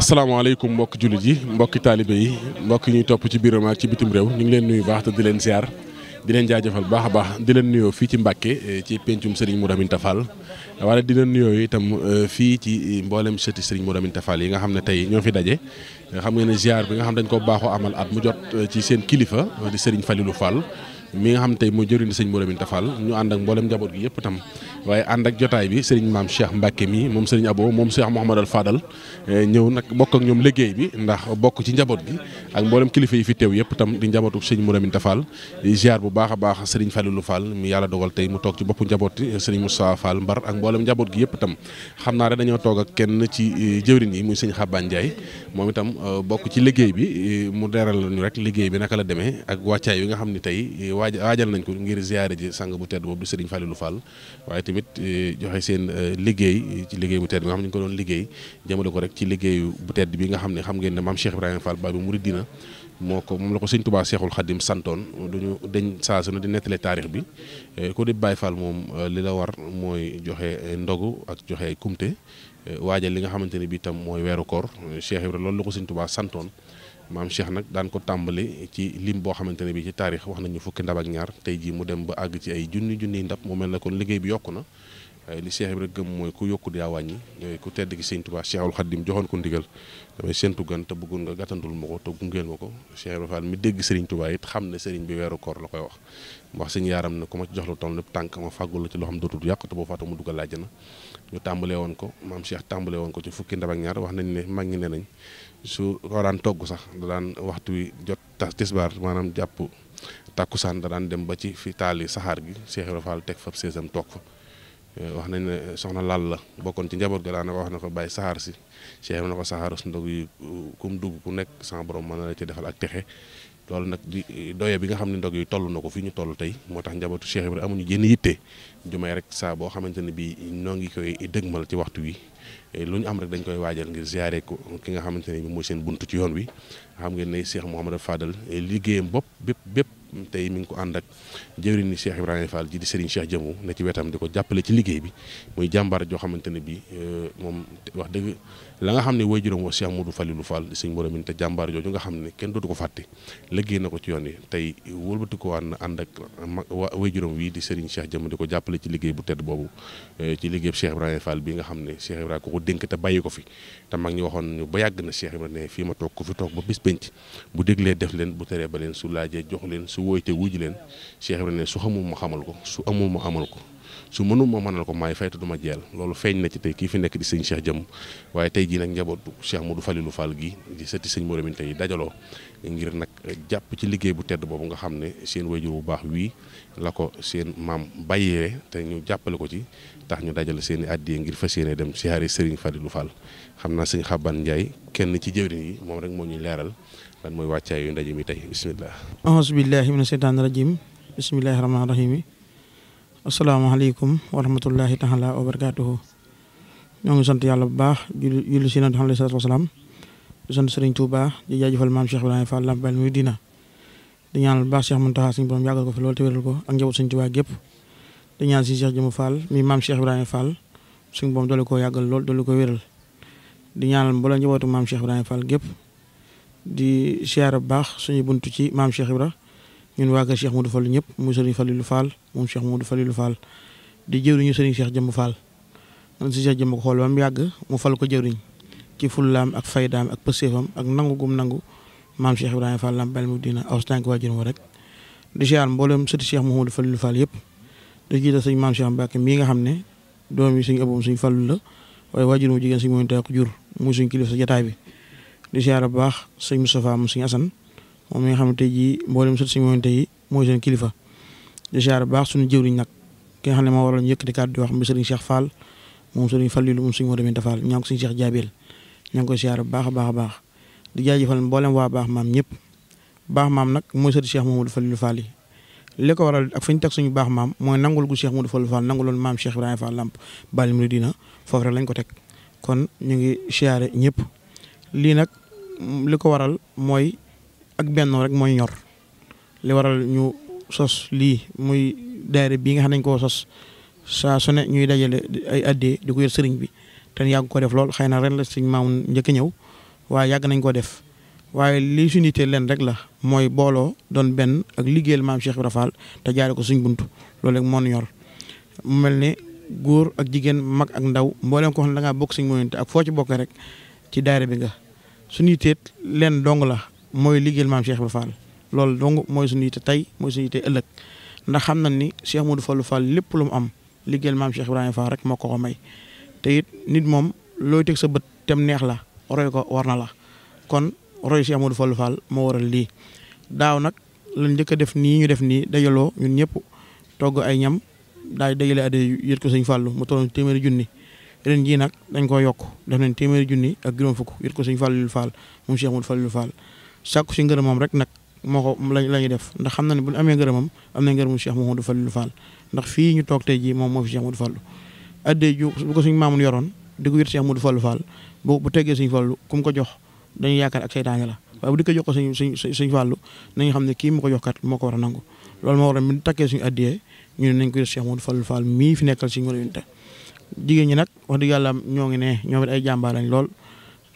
asalaamaaleykum mbokki jullit yi mbokki taalibe yi mbokki ñuy topp ci biiram ci bitim réew ñu ngi leen nuyu baax te di leen ziar di leen jaajëfal baax a baax di leen nuyoo fi ci Mbàkke eh, ci pencum Serigne Modou Aminta Fall waaye di leen nuyoo itam eh, fii ci eh, mboolem sëti Serigne Modou Aminta yi nga xam ne tey ñoo fi daje xam ngeen ne ziar bi nga xam dañ ko baaxoo amal at mu jot ci seen kilifa di Serigne Falilou Fall mi nga xam tey mooy jëriñ sëñ Modou Aminta Fall ñu ànd ak mboolem njaboot gi yëpp itam waaye ànd ak jotaay bi sëriñ maam Cheikh Mbacke mi moom sëriñ Abo moom Cheikh Mouhamadal Fadal eh, ñëw nag bokk ak ñoom liggéey bi ndax bokk ci njaboot gi ak mboolem kilifa yi fi teew yëpp itam di njabootu sëñ Modou Aminta Fall bu baax a baax sëriñ Falilou Fall mu yàlla dogal tey mu toog ci boppu njabooti sëriñ Moussa Fall Mbar ak mboolem njaboot gi yëpp itam xam naa rek dañoo toog ak kenn ci eh, jëwriñ yi muy sëñ Xabaan Ndiaye moom itam eh, bokk ci liggéey bi mu deeral ñu rek liggéey bi naka la demee ak yi nga xam ni tey waaj waajal nañ ko ngir ziyaare ji sang bu tedd boobu di Serigne Fallilou Fall waaye tamit eh, joxe seen eh, liggéey eh, ci liggéey bu tedd bi nga xam ne ko doon liggéey jëmale ko rek ci liggéeyu bu bi nga xam ne xam ngeen ne maam Cheikh Ibrahima Fall Baabul Muridiina moo ko moom la ko sëñ Touba Seexul Xadim santoon duñu deñ saa su ne di nettale taarix bi ku di Baye Fall moom li la war mooy joxe ndogu ak joxe kumte waajal li nga xamante ne bi itam mooy weeru koor Cheikh Ibrahima loolu la ko sëñ Touba santoon maam Cheikh nag daan ko tàmbali ci lim boo xamante ne bii ci taarix wax nañu fukki ndab ak ñaar tey jii mu dem ba àgg ci ay junni junniy ndab mu mel ne kon liggéey bi yokk na li Cheikh bi rek gëm mooy ku yokku yaa wàññi ku tedd ki Sëñ Tuubaa Cheikhul Xaddim joxoon ko ndigal damay séntu gan te bëggoon nga gàttandul ma ko te gungeel ma ko Cheikh Ibra Fall mi dégg Serigne Touba it xam ne Serigne bi weeru koor la koy wax wax suñu yaaram ne ku ma jox lu toll lépp tànk ma fàggul la ci loo xam dootul yàq te boo faatu mu dugal laaj na ñu tàmbalee woon ko maam Cheikh tàmbalee woon ko ci fukki ndab ak ñaar wax nañ ne mag ñi ne nañ su ko daan togg sax da daan waxtu wi jot tisbaar maanaam jàpp tàkkusaan da daan dem ba ci fi taali saxaar gi Cheikh Ibra Fall teg fa seesam toog fa wax nañ ne soxna laal la bokkoon ci njaboot ga daanaka wax na ko bàyyi saxaar si Cheikh na ko saxaaru ndog yi ku mu dugg ku nekk sans borom mën na la ci defal ak texe loolu nag di doye bi nga xam ne ndog yi toll na ko fii ñu toll tey moo tax njabootu bi Ibrahima amuñu jenn yitte jumay rek saa boo xamante ne bii noo ngi koy dëgmal ci waxtu wi. Eh, lu ñu am rek dañ koy waajal ngir ziare ko ki nga xamante ne bi mooy seen bunt ci yoon wi xam ngeen ne Cheikh a Fadal eh, liggéeyam bopp bépp bépp tey mi ngi ko ànd ak jëwriñ ni Cheikh Ibrahima Fall ji di Serigne Cheikh Jëmu ne ci wetam di ko jàppale ci liggéey bi muy jàmbaar joo xamante ne bi eh, moom wax dëgg la nga xam ne way juróom wa Cheikh Modou Falilou Fall sëñ Moromin te jàmbaar jooju nga xam ne kenn dootu ko fàtte liggéey na ko ci yoon yi tey wëlbati ko waan na ànd ak way juróom wii di Serigne Cheikh Jëmm di ko jàppale ci liggéey bu tedd boobu eh, ci liggéey Cheikh Ibrahima Fall bi nga xam ne Cheikh Ibrahima ko ko dénk te bàyyi ko fi te mag ñi waxoon ñu ba yàgg na Cheikh Ibrahima ne fii ma toog ko fi toog ba bis penc bu déglee def leen bu teree ba leen su laajee jox leen su wóoyte wuji leen Cheikh Ibrahima ne su xamul ma xamal ko su amul ma amal ko su mënu mo manal ko may fayta duma jël ma feñ na ci tay ki fi nek di seigne Cheikh Jëm waaye tey jii nag njabootu Cheikh Modou Falilou Fall gi di setti seigne mourou min tay dajalo ngir nak japp ci liggey bu tedd bobu nga xamne seen wayju bu baax wi lako seen mam baye te ñu jàppale ko ci tax ñu dajal seen addi ngir fasiyene dem siyaare seigne Falilou Fall xamna seigne sëñ ndjay kenn ci jëwriñ ni mom rek mo ñuy leral lan moy waccay yu ndaje mi tay bismillah billahi minash shaitanir rajim bismillahir rahmanir rahim asalaamaaleykum wa rahmatullahi taala wa barakaatuhu ñoo ngi sant yàlla bu baax julli si nabi alayhi salaatu wasalaam di sant sëriñ Tuuba di jaajëfal maam Cheikh Ibrahima Fall Lamp Baay muy dina di ñaanal baax Cheikh Muntaxa suñu borom yàggal ko fi loolu te wéral ko ak njaboot sëriñ Tuuba gépp di ñaan si Cheikh Jëmu Fall mi maam Cheikh Ibrahima Fall suñu borom doole koo yàggal lool doole ko wéral di ñaanal mbooloo njabootu maam Cheikh Ibrahima Fall gépp di siyaare bu baax suñu buntu ci maam Cheikh Ibrahima ñun waa kër Cheikh Modou Fall ñëpp muy Serigne Fallou Fall moom Cheikh Modou Fallou Fall di jëwriñu ñu Cheikh Jëmb Fall man si Cheikh Jëmb ko xool ba mu yàgg mu fal ko jëwriñ ci fullaam ak faydaam ak pëseefam ak nangu gum nangu maam Cheikh Ibrahima Fall lam bel mu dina aw tànk waa jërëm rek di siyaar mboolem sëti Cheikh Mouhamadou Fallou Fall yëpp di jiite sëñ maam mii nga xam ne doom yi suñ ëppam suñ Fallou la waaye waajur mu jigéen suñ moom tey jur muy suñ kilifa sa jataay bi di siyaar bu baax sëñ Moustapha mu suñ Assane moom mi xam ne tey jii mboolem sut suñu moonte yi mooy seen kilifa di baax suñu jëwriñ nag ki ne moo waral ñu yëkkati kàddu di wax mbi sëriñ Cheikh Fall moom sëriñ Fallilu moom suñu moo demee Fall ñaa ko suñu Cheikh Jaabel ñaa ngi koy ziar baax a a baax di jaajëfal mboolem waa baax maam ñëpp baax maam nag mooy sëriñ Cheikh Mamadou Fallilu Fall yi li ko waral ak ñu teg suñu baax maam mooy nangul gu Cheikh Mamadou Fallilu Fall nanguloon maam Cheikh Ibrahima Fall Lamp Baal Mouridina foofu rek lañ ko teg kon ñu ngi ziare ñëpp lii nag li ko waral mooy ak bennoo rek mooy ñor li waral ñu sos lii muy daayira bii nga xam nañ koo sos saa su ne ñuy dajale ay addee di ko yor sëriñ bi te yàgg ko def lool xëy na ren la sëriñ Maamun njëkk ñëw waaye yàgg nañ koo def waaye lii suñu yittee leen rek la mooy booloo doon benn ak liggéeyal maam Cheikh te jaare ko suñ buntu loolu moo ñu ñor mel ne góor ak jigéen mag ak ndaw mboolem ko ne da ngaa bokk suñ moyente ak foo ci bokk rek ci daayira bi nga suñu yitteet leen dong la mooy liggéeyal maam Cheikh Ibra Fall loolu dong mooy suñu yite tey mooy suñu yite ëllëg ndax xam na ni Cheikh Modou Fallou Fall lépp lu mu am liggéeyal maam Cheikh Ibrahima Fall rek moo ko ko may te it nit moom looy teg sa bët tem neex la roy ko war na la kon roy Cheikh Modou Fallou Fall moo waral lii daaw nag lañ njëkk def nii ñu def nii dajaloo ñun ñëpp togg ay ñam daal dajale adde yët ko sëñ Fallou mu tolloon téeméeri junni ren jii nag dañ ko yokk def nañ téeméeri junni ak juróom fukk yët ko sëñ Fallou Fall moom Cheikh Modou Fallou Fall sàkku si ngërëmam rek nag moo ko lañ la ñuy def ndax xam na ne bu ñu amee ngërëmam am na ngërëmu Cheikh Mouhamadou Fallou Fall ndax fii ñu toog te jii moom moo fi Cheikh Mouhamadou Fallou yoroon di ko yët Cheikh Mouhamadou Fallou Fall bu bu teggee ku mu ko jox dañuy yaakaar ak seytaane la waaye bu di ko jox ko suñ suñ suñ Fallou nañu xam ne kii mu ko jox kat moo ko war a nangu loolu moo war a mu takkee suñu addee ñu ne nañ ko yët Cheikh Mouhamadou Fallou Fall mii fi nekkal suñ mën a jigéen ñi nag wax dëgg yàlla ñoo ngi ne ñoom it ay jàmbaar lañ lool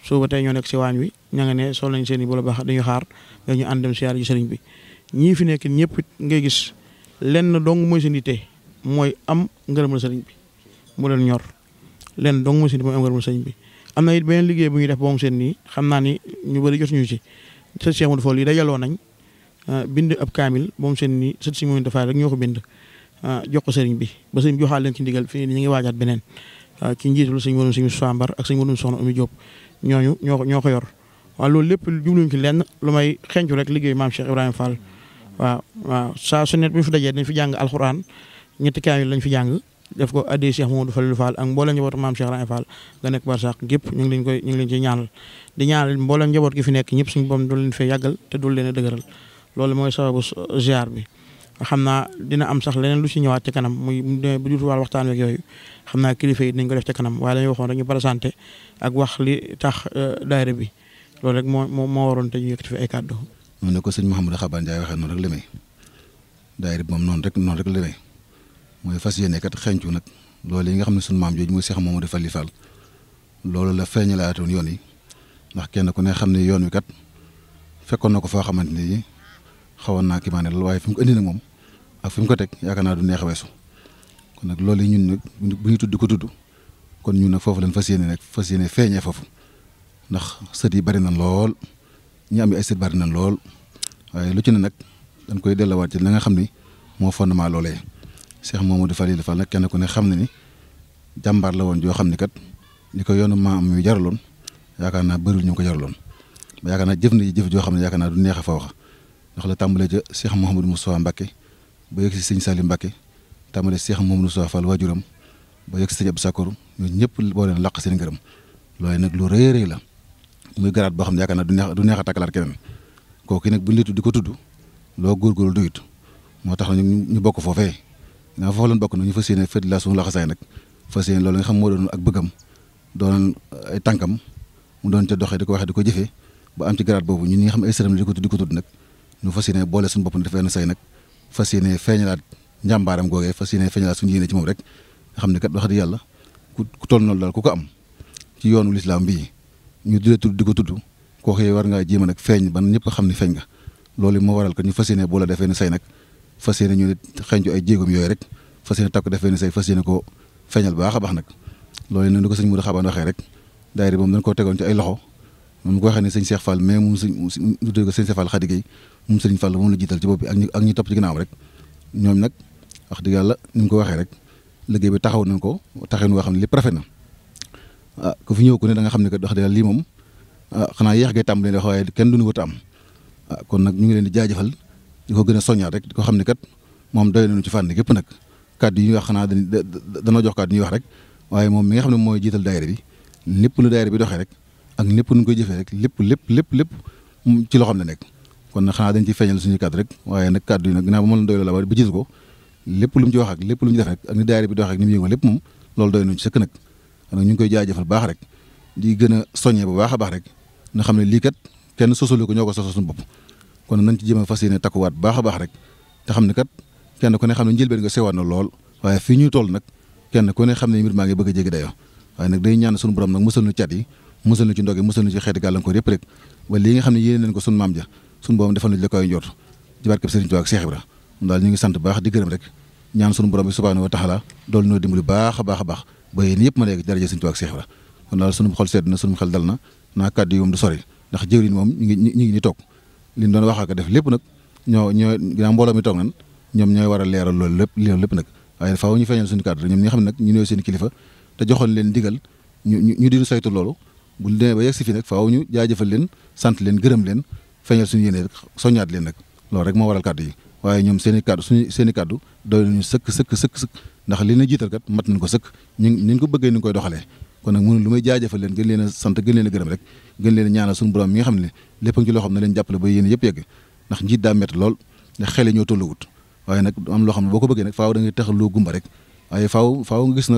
suba tey ñoo nekk si waañ wi ña nga ne sol nañ seen i bolo ba dañuy xaar nga ñu ànd dem siyaar ji sëriñ bi ñii fi nekk ñëpp ngay gis lenn dong mooy seen yitte mooy am ngërëmal sëriñ bi mu leen ñor lenn dong mooy seen yitte bi am na it beneen def boom seen nii xam naa ni ñu bëri jotuñu ci sët Cheikh Modou Fall yi dajaloo nañ ah, bind ab kaamil seen nii sët si moom dafa rek ñoo ko bind ah, jox ko sëriñ bi ba sëriñ bi joxaal leen ci ndigal fii ñu ngi waajaat beneen ci ah, njiitul sëñ Modou sëñ Soambar ak sëñ Modou Soxna Oumy Diop ñooñu ñoo ñoo ko yor waaw loolu lépp jubluñ ci lenn lu may xencu rek liggéey maam Cheikh Ibrahima Fall waaw waaw saa su nekk bu ñu fi dajee dañ fi jàng alxuraan ñetti yi lañ fi jàng def ko addee Cheikh Mamadou Falilou Fall ak mboolem njabootu maam Cheikh Ibrahima Fall nga nekk barsàq gépp ñu koy ñu ngi leen ciy ñaanal di ñaanal mboolem njaboot gi fi nekk ñëpp si borom du leen fee yàggal te du leen a dëgëral loolu mooy sababu ziar bi xam naa dina am sax leneen lu si ñëwaat ci kanam muy bu dul wàllu waxtaan ak yooyu xam naa kilifa yi dañ ko def ci kanam waaye dañuy waxoon rek ñu présenté ak wax li tax euh, daayira bi loolu rek moo moo moo waroon te ñu yëkkati fi ay kàddu. mu ne ko sëñ Mouhamadou waxee noonu rek li may bi moom noonu rek noonu rek li mooy fas yéene kat xencu nag loolu yi nga xam ne sunu maam jooju muy Cheikh Mamadou Fally Fall loolu la feeñalaatoon yoon yi ndax kenn ku ne xam ne yoon wi kat fekkoon na ko foo xamante ne xawoon naa ki maa ne loolu waaye fi mu moom ak fi mu ko teg yaakaar naa du neex weesu kon nag loolu yi ñun nag bu ñu tudd ko tudd kon ñun nag foofu lañ fas yéene rek fas yéene feeñee foofu ndax sët yi bari na lool ñi am ay sët bari na lool waaye lu ci ne nag dañ koy delluwaat ci la nga xam ni moo fondement loolee. Cheikh Mamadou Falilou Fall nag kenn ku ne xam na ni jàmbaar la woon joo xam ni kat li ko yoonu maa am yu jaraloon yaakaar naa bëriwul ñu ko jaraloon ba yaakaar naa jëf na jëf joo xam ne yaakaar du neex a fa wax ndax la tàmbalee ca Cheikh Mouhamadou Moustapha Mbacké ba yegg si sëñ saali Salim Mbacke tàmbale Cheikh Mamadou Sow Fall waajuram ba yegg si sëñ Abdou Sakor ñun ñëpp boo leen làq seen ngërëm loolu nag lu rëy rëy la muy garaat boo xam ne yaakaar du neex du neex a takkalaat keneen kooku nag bu ñu la di ko tudd loo góorgóorlu doyut moo tax ñu ñu bokk foofee nga foofu lañ bokk nag ñu fas yéene fët la suñu laxasaay nag fas yéene loolu nga xam moo doon ak bëggam doon tànkam mu doon ca doxee di ko waxee di ko jëfee ba am ci garaat boobu ñu ñi nga xam ay sëram la di ko tudd di ko tudd nag ñu fas yéene boole suñu bopp ne def benn say nag fas yéene feeñalaat njàmbaaram googee fas yéene feeñalaat suñu yéene ci moom rek xam ne kat wax dëgg yàlla ku toll noonu daal ku ko am ci yoonu lislaam bii ñu di tudd di ko tudd kooku war ngaa jéem nag feeñ ban ñëpp xam ne feeñ nga loolu moo waral ko ñu fas yéene boo la defee ne say nag fas yéene ñu nit xencu ay jéegum yooyu rek fas yéene takk defee ne say fas yéene ko feeñal baax a baax nag loolu ne ni ko mu Moudou Xabaan waxee rek daayira moom dañ koo tegoon ci ay moom ko waxee ne sëñ Cheikh Fall mais moom sëñ ñu tuddee ko sëñ Cheikh Fall Khady Gueye moom sëñ Fall moom la jiital ci bopp bi ak ñi ak ñi topp ci ginnaawam rek ñoom nag wax dëgg yàlla ni mu ko waxee rek liggéey bi taxaw nañ ko taxaw woo xam ne lépp rafet na ah ñëw ku ne da nga xam ne kat wax dëgg yàlla lii moom ah xanaa yéex gay tàmbali wax waaye kenn duñu wut am ah kon nag ñu ngi leen di jaajëfal di ko gën a soññaat rek di ko xam ne kat moom doy nañu ci fànn gépp nag kàddu yi ñuy wax xanaa dañuy danoo jox kàddu ñuy wax rek waaye moom mi nga xam ne mooy jiital daayira bi lépp lu daayira bi doxee rek ak lépp nu koy jëfee rek lépp lépp lépp lépp ci loxoom la nekk kon nag xanaa dañ ci feeñal suñu kàddu rek waaye nag kàddu yi nag ginnaaw ba mën la doy la ba lépp lu mu ci wax ak lu mu ci def rek ak ni daayira bi dox ak ñu ngi koy jaajëfal baax rek di gën a soññee bu baax a baax rek nga xam ne lii kat kenn sosalu ko ñoo ko sosal suñu bopp kon nañ ci jéem a fas yéene takkuwaat baax a baax rek te xam ne kat kenn ku ne xam ne njëlbeen nga sewaat na lool waaye fii ñuy toll nag kenn ku ne xam ne mbir maa ngi bëgg a jéggi dayoo waaye nag day ñaan suñu borom nag musal nu caat yi musal na ci ndoge musal na ci xeeti gàllankoor yëpp rek ba lii nga xam ne yéene ko sun maam ja sun boobam defal nañ daal ñu ngi sant baax di gërëm rek ñaan sunu borom bi subhaanahu wa taala dool noo dimbali a baax baax ba yéen yëpp mën a yegg daraja Sëriñ Tuubaa ak Cheikh Ibra kon sori ndax jëwriñ moom ñu ngi ñu ngi ni toog li doon wax ak def lépp nag ñoo ñoo ginnaaw mbooloo mi toog nan ñoom ñooy war a leeral loolu lépp leeral lépp nag waaye faaw ñu feeñal suñu kàddu ñoom ñi nga xam ne nag ñu ñooy seen kilifa te joxoon leen digal ñu ñu di saytu loolu bu ñu demee ba yegg si fii nag faaw ñu jaajëfal leen sant leen gërëm leen feeñal suñu yéene rek soññaat leen nag loolu rek moo waral kàddu yi waaye ñoom seen i kàddu suñu seen i kàddu doy nañu sëkk sëkk sëkk ndax li na jiital kat mat nañ ko sëkk ñu ñu ko bëggee ni koy doxalee kon nag mënu lu may leen gën leen sant gën leen a gërëm rek leen a mi nga xam ne lépp a ngi ci loo xam ne leen jàppale ba yéen yëpp yegg ndax njiit daa métti lool ndax xel yi ñoo tolluwut waaye nag am loo xam ne boo ko bëggee nag faaw da ngay taxal loo gumba rek waaye faaw faaw nga gis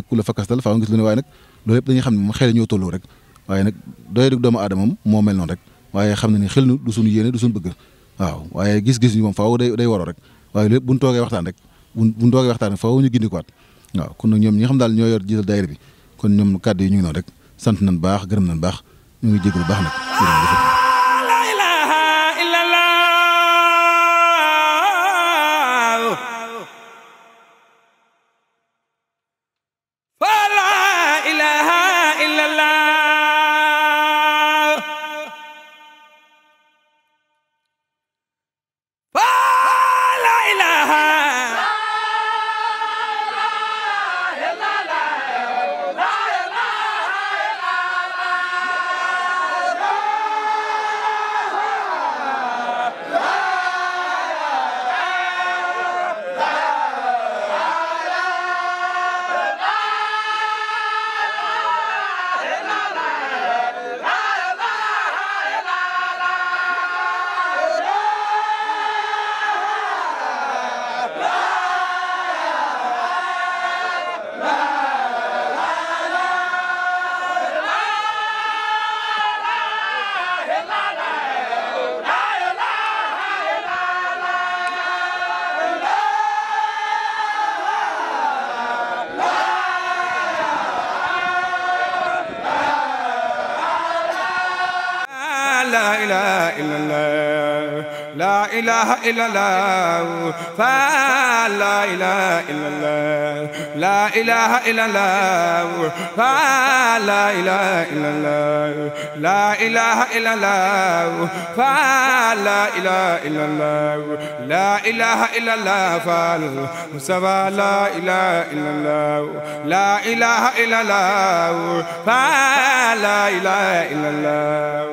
rek waaye nag doy doomu aadamam moo mel noonu rek waaye xam na ni xel nu du suñu yéene du suñ bëgg waaw waaye gis-gis ñu moom faaw day day waroo rek waaye lépp buñ toogee waxtaan rek buñ buñ toogee waxtaan rek faaw ñu gindikuwaat waaw kon nag ñoom ñi xam daal ñoo yor jiital daayira bi kon ñoom kàddu yi ñu ngi noonu rek sant na nañ baax gërëm nañ baax ñu ngi jégalu baax nag la ilaha illallah لا إله إلا الله فلا إله إلا الله لا إله إلا الله فلا إله إلا الله لا إله إلا الله فلا إله إلا الله لا إله إلا الله فلا مصطفى لا إله إلا الله لا إله إلا الله فلا إله إلا الله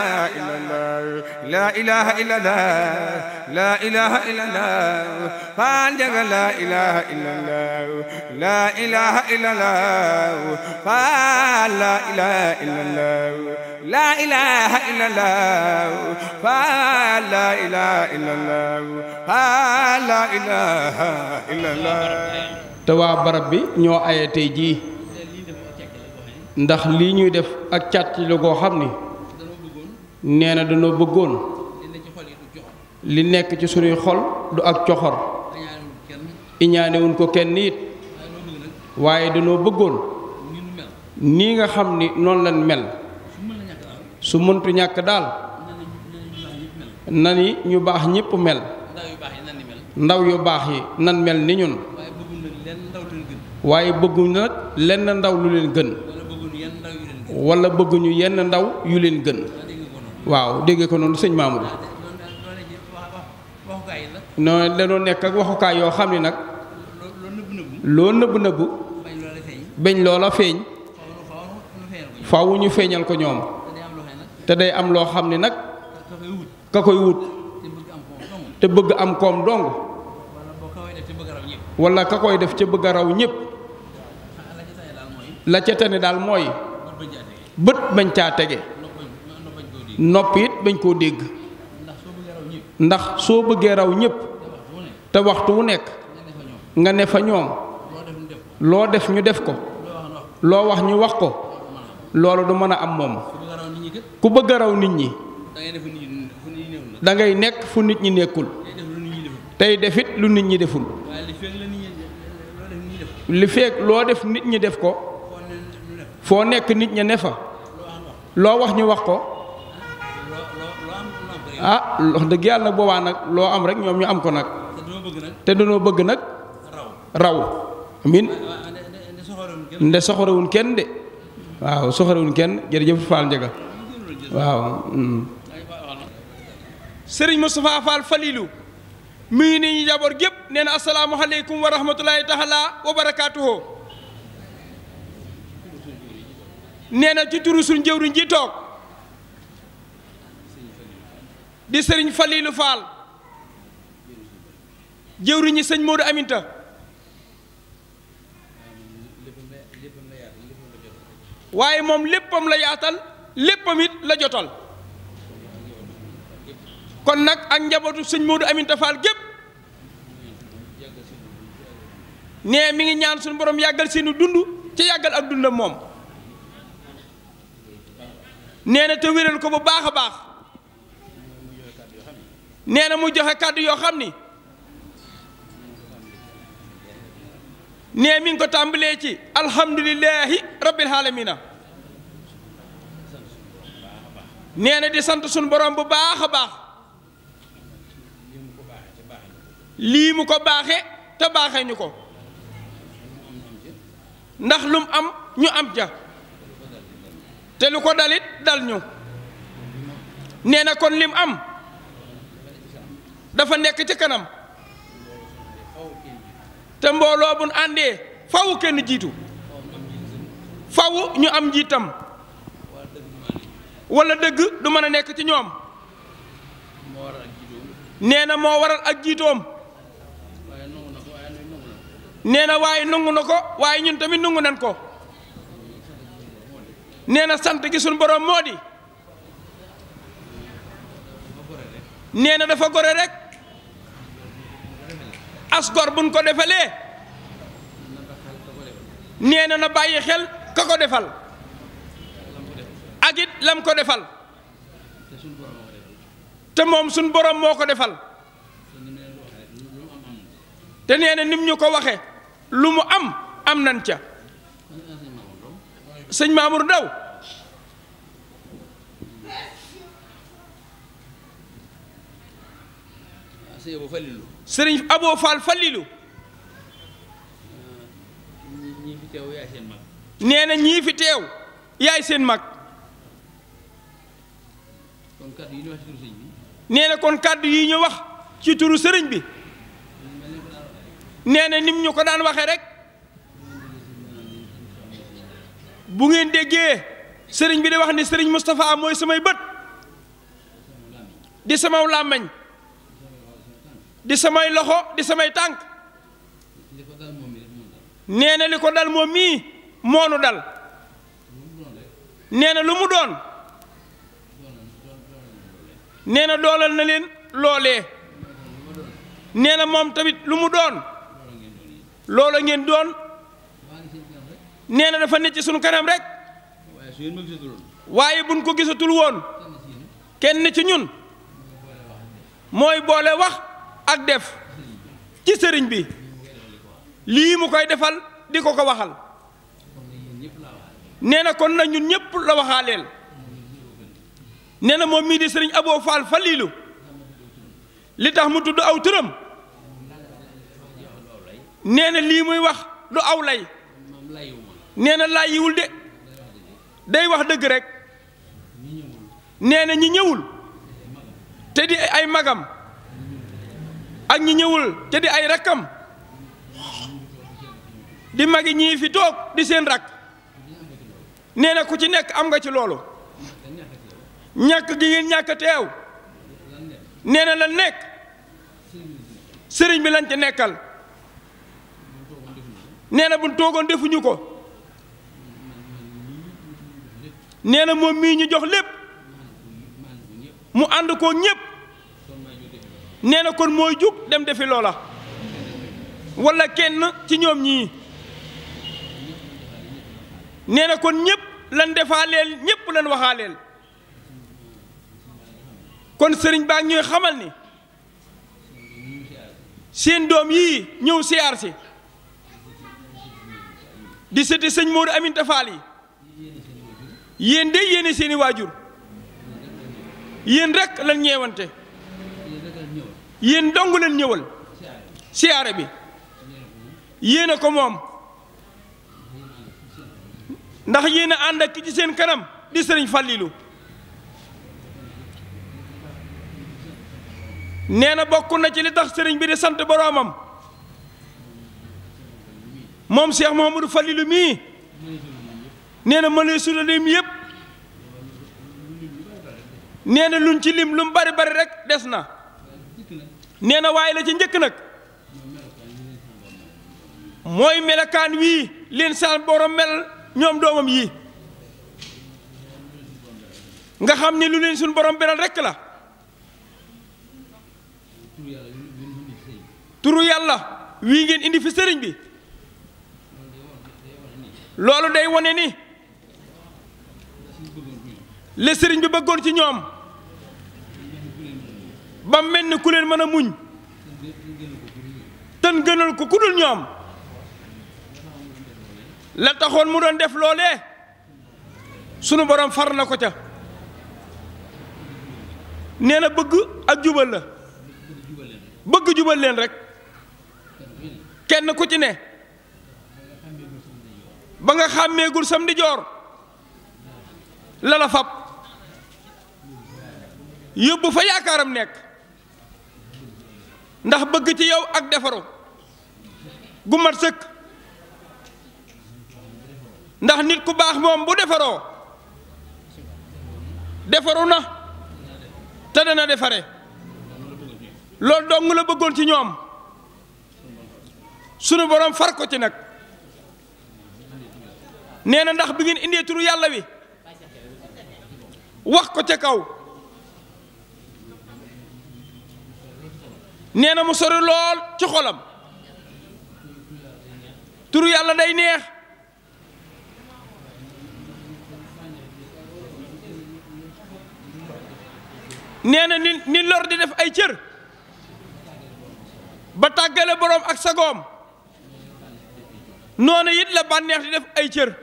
إله إلا الله لا إله إلا الله لا إله إلا الله فانجغ لا إله إلا الله لا إله إلا الله فلا إله إلا الله لا إله إلا الله فلا إله إلا الله فلا إله إلا الله تواب ربي نو bi ñoo aye tey jii ndax lii ñuy def ak càtt lu koo xam nee na dañoo bëggoon li nekk ci sunuy xol du ak coxor iñaanewuñ ko kenn it waaye dañoo bëggoon nii nga xam ni noonu lañ mel su mëntu ñàkk daal na yi ñu baax ñépp mel ndaw yu baax yi nan mel ni ñun waaye bëgguñu nag lenn ndaw lu leen gën wala bëgguñu yenn ndaw yu leen gën waaw dégg ko noonu sëñ Mamour noonu da doon nekk ak waxukaay yoo xam ne nag loo nëbb nëbb bañ loola feeñ faaw ñu feeñal ko ñoom te day am loo xam ne nag ka koy wut te bëgg am koom dong wala ka koy def ca bëgg a raw ñépp la ca tane daal mooy bët bañ caa tege nopp it bañ koo dégg ndax soo bëggee raw ñépp te waxtu wu nekk nga ne fa ñoom loo def ñu def ko loo wax ñu wax ko loolu du mën a am moom ku bëgg a raw nit ñi da ngay nekk fu nit ñi nekkul tey defit lu nit ñi deful li feek loo def nit ñi def ko foo nekk nit ña ne fa loo wax ñu wax ko ah wax dëgg yàlla boobaa nag loo am rek ñoom ñu am ko nag. te dañoo bëgg nag. raw amin nde soxorewuñ kenn de waaw soxorewuñ kenn jërëjëf Fall Ndiaga waaw. Mm. Serigne Moustapha ngi nii ñu jaboor gépp nee na asalaamualeykum wa rahmatulahi taala wa barakaatuhu nee na ci turu suñu jëwriñ ji toog. di sëriñ Falilu Faal jëwriñi sëñ Moodu Aminta waaye moom léppam la yaatal léppam it la jotal kon nag ak njabootu sëñ Moodu Aminta Faal gépp nee mi ngi ñaan suñu borom yàggal seenu dund ci yàggal ak dundam moom nee na te wéral ko bu baax a baax nee na mu joxe kàddu yoo xam ni nee mi ko tàmbalee ci alhamdulilahi rabbil alamina nee na di sant suñu borom bu baax a baax lii mu ko baaxe te baaxee ñu ko ndax lum am ñu am ja te lu ko dalit dal ñu nee na kon lim am dafa nekk ci kanam te mbooloo bu nu àndee faw kenn jiitu faw ñu am njiitam wala dëgg du mën a nekk ci ñoom nee na moo waral ak jiitoom nee na waaye nangu na ko waaye ñun tamit nangu nan ko nee na sant gi boroom moo di nee na dafa gore rek asgor buñ ko defalee nee na na bàyyi xel ka ko defal ak it lam ko defal te moom suñ borom moo ko defal te nee na nim ñu ko waxe lu mu am am nan ca sëñ Mamour Ndaw sëñ sëriñ Abo Fall Fallilu nee na ñii fi teew yaay seen mag nee kon kàddu yi ñu wax ci turu sëriñ bi nee na nim ñu ko daan waxee rek bu ngeen déggee sëriñ bi di wax ni sëriñ Moustapha mooy samay bët di samaw làmmiñ di samay loxo di samay tànk nee na li ko dal moom mii moonu dal nee na lu mu doon nee na doolal na leen loolee nee na moom tamit lu mu doon loola ngeen doon neena na dafa ne ci sunu kanam rek waaye buñ ko gisatul woon kenn ci ñun mooy boole wax ak def ci sëriñ bi lii mu koy defal di ko ko waxal nee na kon na ñun ñépp la waxaaleel nee na moom mii di sëriñ Abo Fall Faliilu li tax mu tudd aw tëram nee na lii muy wax du aw lay nee na yiwul de day wax dëgg rekk nee na ñi ñëwul te di ay magam ak ñi ñëwul te di ay rakkam di magi ñii fi toog di seen rakk nee na ku ci nekk am nga ci loolu ñàkk gi ngeen teew nee na la nekk sëriñ bi lañ ci nekkal nee na buñ toogoon defuñu ko nee na moom mii ñu jox lépp mu ànd koo ñépp nee na kon mooy jug dem defi loola wala kenn ci ñoom ñii nee na kon ñëpp lan defaaleel ñëpp lan waxaaleel kon sëriñ baa ñuy xamal ni seen doom yii ñëw siyaar si di sëti sëñ Modou Aminta Fall yi yéen de yéene seeni waajur yéen rek lan ñeewante yéen dong leen ñëwal siyaare bi yéen a ko moom ndax yéen a ànd ak ki ci seen kanam di sëriñ Fàllilu nee na bokk na ci li tax sëriñ bi di sant boroomam moom Cheikh Mouhamadou Fàllilu mii nee na mënee sula lim yépp nee na luñ ci lim lu mu bari bari rekk des na nee na waaye la ci njëkk nag mooy melokaan wii leen seen borom mel ñoom doomam yii nga xam ni lu leen suñu borom beral rekk la turu yàlla wii ngeen indi fi sëriñ bi loolu day wone ni le sëriñ bi ba bëggoon ci ñoom mel ni ku leen mën a muñ tën gënal ko ku dul ñoom la taxoon mu doon def loolee sunu borom far na ko ca nee na bëgg ak jubal la bëgg jubal leen rek kenn ku ci ne ba nga xàmmeegul sam di joor la la fab yóbbu fa yaakaaram nekk ndax bëgg ci yow ak defaru gu mat sëkk ndax nit ku baax moom bu defaroo defaru na te na defare lool dong la bëggoon ci ñoom sunu borom far ko ci nag nee na ndax bi ngeen indee turu yàlla wi wax ko ca kaw nee na mu sori lool ci xolam tur yàlla day neex nee na ni ni lor di def ay cër ba tàggale boroom ak sagoom noonu it la bànneex di def ay cër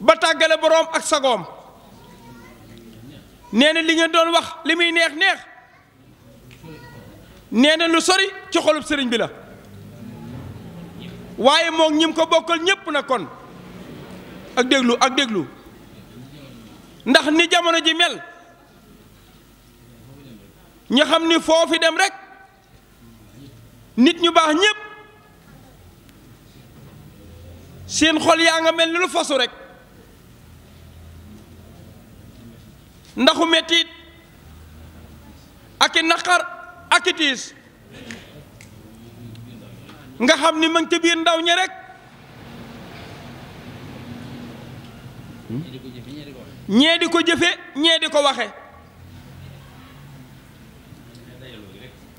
ba tàggale boroom ak sagoom nee na li nga doon wax li muy neex neex nee na lu sori ci xolub sëriñ bi la waaye moom ñim ko bokkal ñépp na kon ak déglu ak déglu ndax ni jamono ji mel ñu xam ni foofi dem rekk nit ñu baax ñépp seen xol yaa nga mel ni lu fasu rek ndaxu mettit ak i naqar ak nga xam ni ma ngi biir ndaw ñi rek ñee di ko jëfe ñee di ko waxe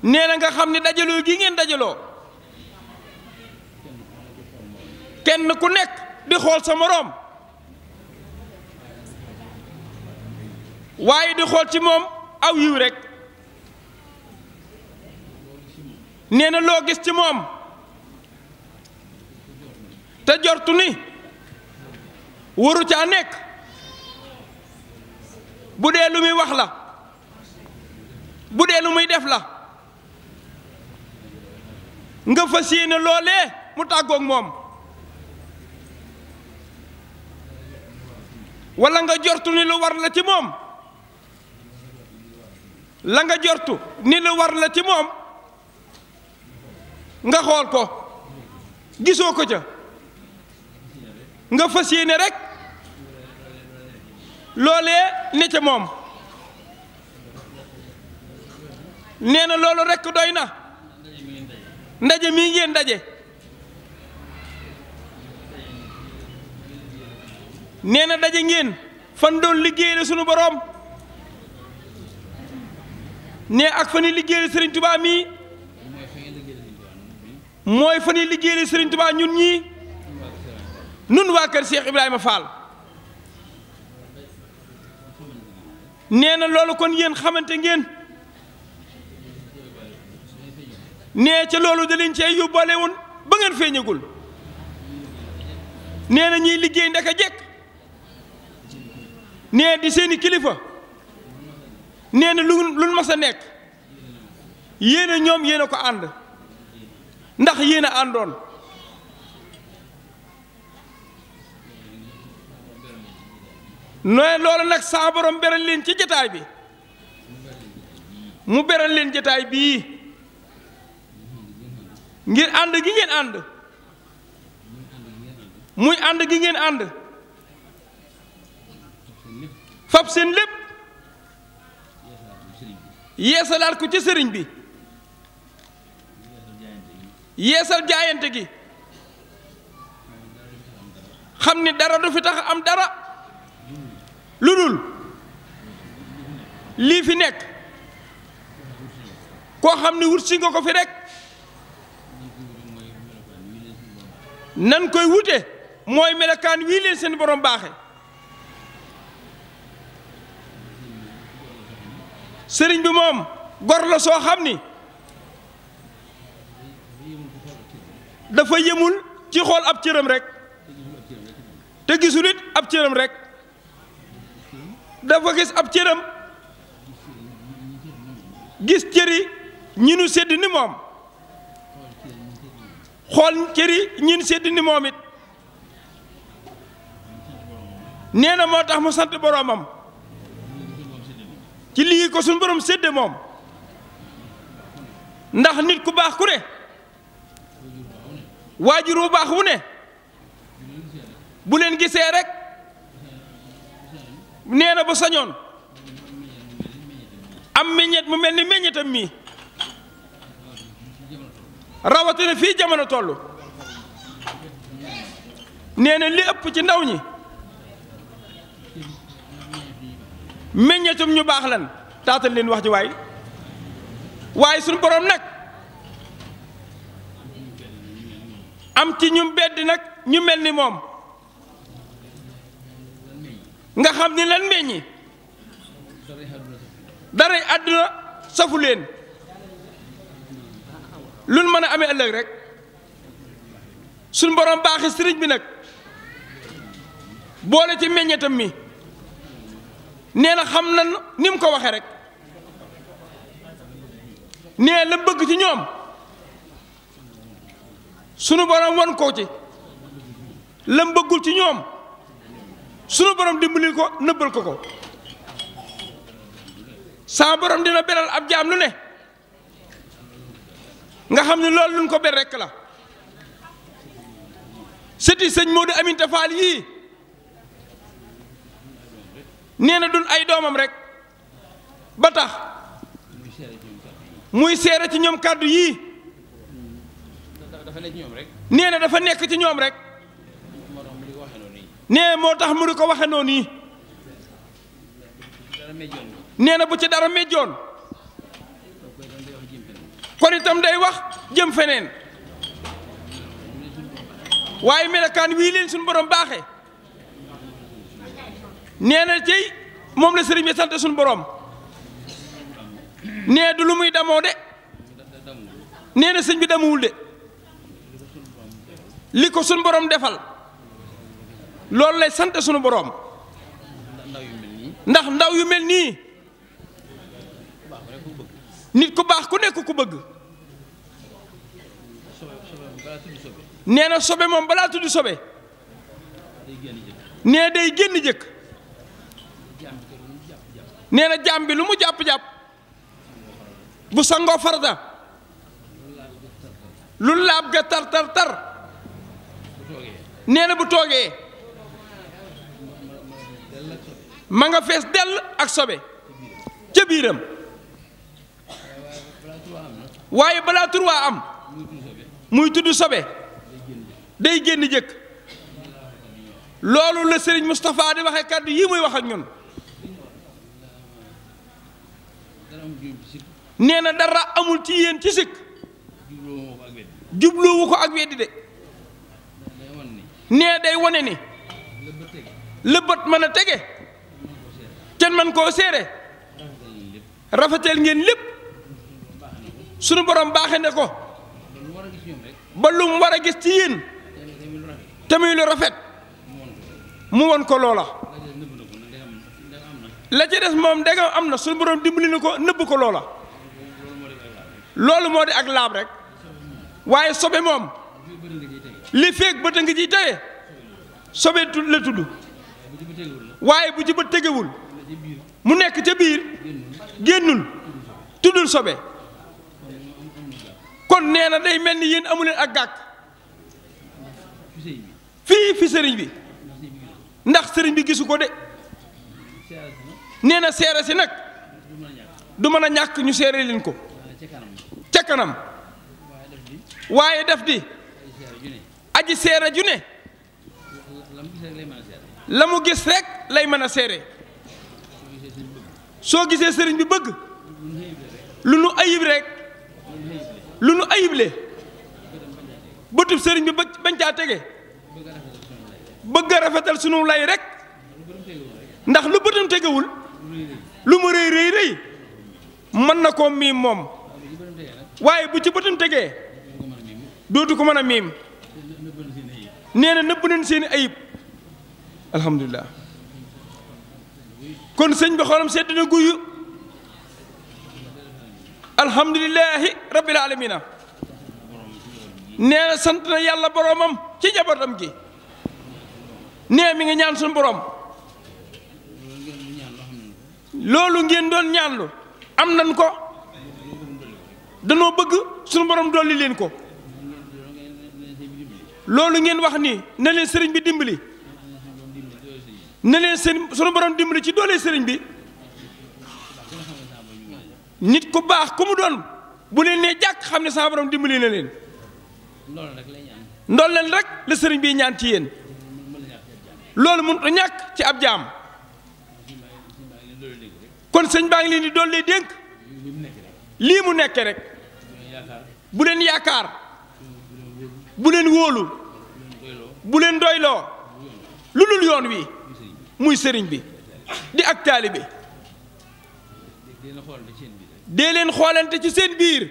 nee na nga xam ni dajaloo gi ngeen dajaloo kenn ku nekk di xool sa moroom waaye di xool ci moom aw yiw rekk nee na loo gis ci moom te jortu ni waru a nekk bu dee lu muy wax la bu dee lu muy def la nga fas yéene loolee mu tàggoog moom walla nga jortu ni lu war la ci moom la nga jortu ni lu war la ci moom nga xool ko gisoo ko ca nga fas yéene rek loolee ne ca moom nee na loolu rek doy na ndaje mi ngéen daje nee na daje ngeen fan doon liggéeyale sunu boroom ne ak fan liggéey liggéeyale Sëriñ Tuubaa mii mooy fa ñuy liggéeyal Serigne Touba ñun ñii nun waa kër Cheikh Ibrahima Fall nee na loolu kon yéen xamante ngeen nee ca loolu da leen cee yóbbaale woon ba ngeen feeñagul nee na ñiy liggéey ndaka jekk nee di seeni kilifa nee na lu lu mas nekk yéen a ñoom yéen a ko ànd. ndax yéen a àndoon nooy loolu nag saa borom beral leen ci jataay bi mu beral leen jataay bii ngir ànd gi ngeen ànd muy ànd gi ngeen ànd fab seen lépp yeesalaat ko ci sëriñ bi yeesal jaayante gi xam ni dara du fi tax am dara lu dul lii fi nekk koo xam ni wut si nga ko fi rek nan koy wute mooy melokaan wii leen seen borom baaxe sëriñ bi moom gor la soo xam ni dafa yemul ci xool ab cëram rek te gisul it ab cëram rek dafa gis ab cëram gis cëri ñi nu sedd ni moom xool cëri ñi nu sedd ni moom it nee na moo tax mu sant boroomam ci lii ko suñu borom sédde moom ndax nit ku baax ku ne waajur bu baax wu ne bu leen gisee rek nee na ba sañoon am meññeet mu mel ni meññeetam mii rawatina fii jamono toll nee na li ëpp ci ndaw ñi meññetum ñu baax lan taatal leen wax ci waay waaye suñu borom nag. am ci ñu bedd nag ñu mel ni moom nga xam ni lan meññi daray àdduna safu leen luñ mën a amee ëllëg rek suñ borom baaxi sëriñ bi nag boole ci meññetam mi nee na xam na ni mu ko waxe rek nee la bëgg ci ñoom sunu borom wan ko ci lam ci ñoom sunu baram dimbali ko nëbbal ko ko saa borom dina beral ab jaam lu ne nga xam ne loolu luñ ko ber rekk la sëti sëñ Modou Aminta Fall yii nee na duñ ay doomam rekk ba tax muy seere ci ñoom kàddu yii dafa nekk rek. nee na dafa nekk ci ñoom rek. nee moo tax mu di ko waxee noonu yi. nee na bu ci dara méjjoon. kon itam day wax jëm feneen. waaye melokaan wii leen suñu borom baaxee. nee na tey moom la sëriñ bi sant suñ boroom nee du lu muy damoo de. nee na sëñ bi damuwul de. li ko suñu boroom defal loolu lay sant suñu boroom ndax ndaw yu mel nii nit ku baax ku nekk ku bëgg nee na sobe moom balaa tudd sobe nee day génn jëkk nee na jaam bi lu mu jàpp-jàpp bu sangoo farata lu laab ga tar tar tar nee na bu toogee ma nga fees dell ak sobe ca biiram waaye balaa tur waa am muy tudd sobe day génn jëkk loolu la sëriñ Moustapha di waxe kàddu yi muy wax ak nee na dara amul ci yéen ci sikk jubluwu ko ak weddi de nee day wone ni lëbët mën a tege kenn man koo seere rafetal ngeen lépp sunu borom baaxe ne ko ba lu mu war a gis ci yéen te muy lu rafet mu won ko loola la ci des moom danga am na sunu borom dimbali ko nëbb ko loola loolu moo di ak laab rek waaye sobe moom li feeg bët a ngi ciy la tudd waaye bu ci bët tegewul mu nekk ca biir génnul tuddul sobe kon nee na day mel ni yéen amu leen ak gàkk fii fi sëriñ bi ndax sëriñ bi gisu ko de nee na seere si nag du mën a ñàkk ñu seere leen ko ca kanam waaye def di aji seere ju ne la mu gis rekk lay mën a seere soo gisee sëriñ bi bëgg lu nu ayib rek lu nu ayible bëtub sëriñ bi bañ caa tege bëgg rafetal sunu lay rek ndax lu bëtam tegewul lu mu rëy rëy rëy mën na ko mii moom waaye bu ci bëtam tegee dootu ko mën a miim nee na nëbb nañ seen ayib kon sëñ bi xolam sedd guyu alhamdulilahi rabbil alamina nee na sant na yàlla boromam ci jabatam gi nee mi ngi ñaan sun borom loolu ngeen doon ñaanlu am nan ko danoo bëgg sun borom dolli leen ko loolu ngeen wax ni na leen sëriñ bi dimbali na leen seen sunu borom dimbali ci doole sëriñ bi nit ku baax ku mu doon bu leen nee jàkk xam ne sama borom dimbali na leen ndool leen rek la sëriñ bi ñaan ci yéen loolu mun a ñàkk ci ab jaam kon sëñ baa ngi leen di doole dénk lii mu nekk rek bu leen yaakaar bu leen wóolu bu leen doyloo lu dul yoon wi muy sëriñ bi di ak taalibe dee leen xoolante ci seen biir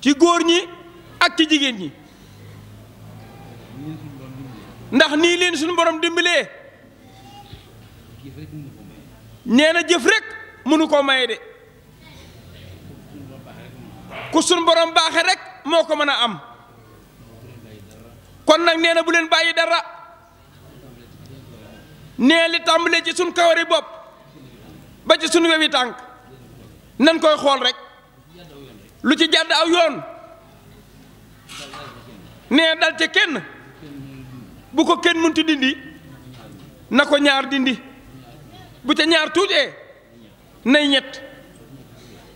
ci góor ñi ak ci jigéen ñi ndax nii leen suñu borom dimbalee nee na jëf rekk mënu koo maye de ku sunu borom baaxe rek moo ko mën a am kon nag nee na bu leen bàyyi dara nee li tàmbalee ci suñ kawari bopp ba ci sunu wewi tànk nan koy xool rek lu ci jàdd aw yoon nee dal ca kenn bu ko kenn mënti dindi na ko ñaar dindi bu ca ñaar tuutee nay ñett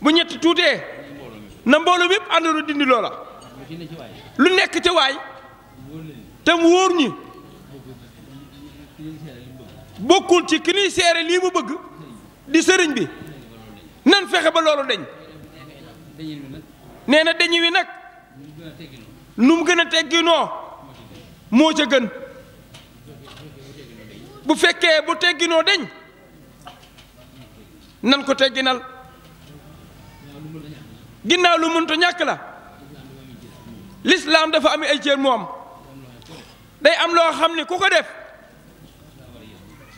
bu ñett tuutee na mbooloo yépp àndoona dindi loola lu nekk ci waay te mu wóor ñi bokkul ci ki ñuy seere lii mu bëgg di sëriñ bi nan fexe ba loolu deñ nee na deñ wi nag nu mu gën a tegginoo moo ca gën bu fekkee bu tegginoo deñ nan ko tegginal ginnaaw lu mënta ñàkk la lislaam dafa am ay cër moom day am loo xam ne ku ko def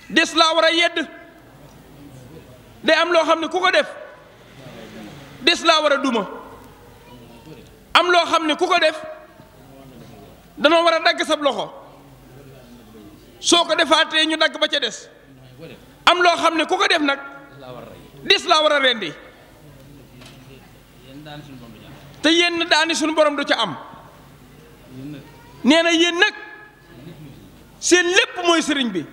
des laa war a yedd day am loo xam ni ku ko def des laa war a duma am loo xam ne ku ko def danoo war a dagg sab loxo soo ko defaatee ñu dagg ba ca des am loo xam ne ku ko def nag des laa war a rendi te yenn daani suñu borom du ca am nee na yéen nag seen lépp mooy sëriñ bi